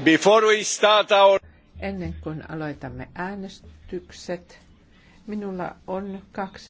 Before we start our... Ennen kuin aloitamme äänestykset, minulla on kaksi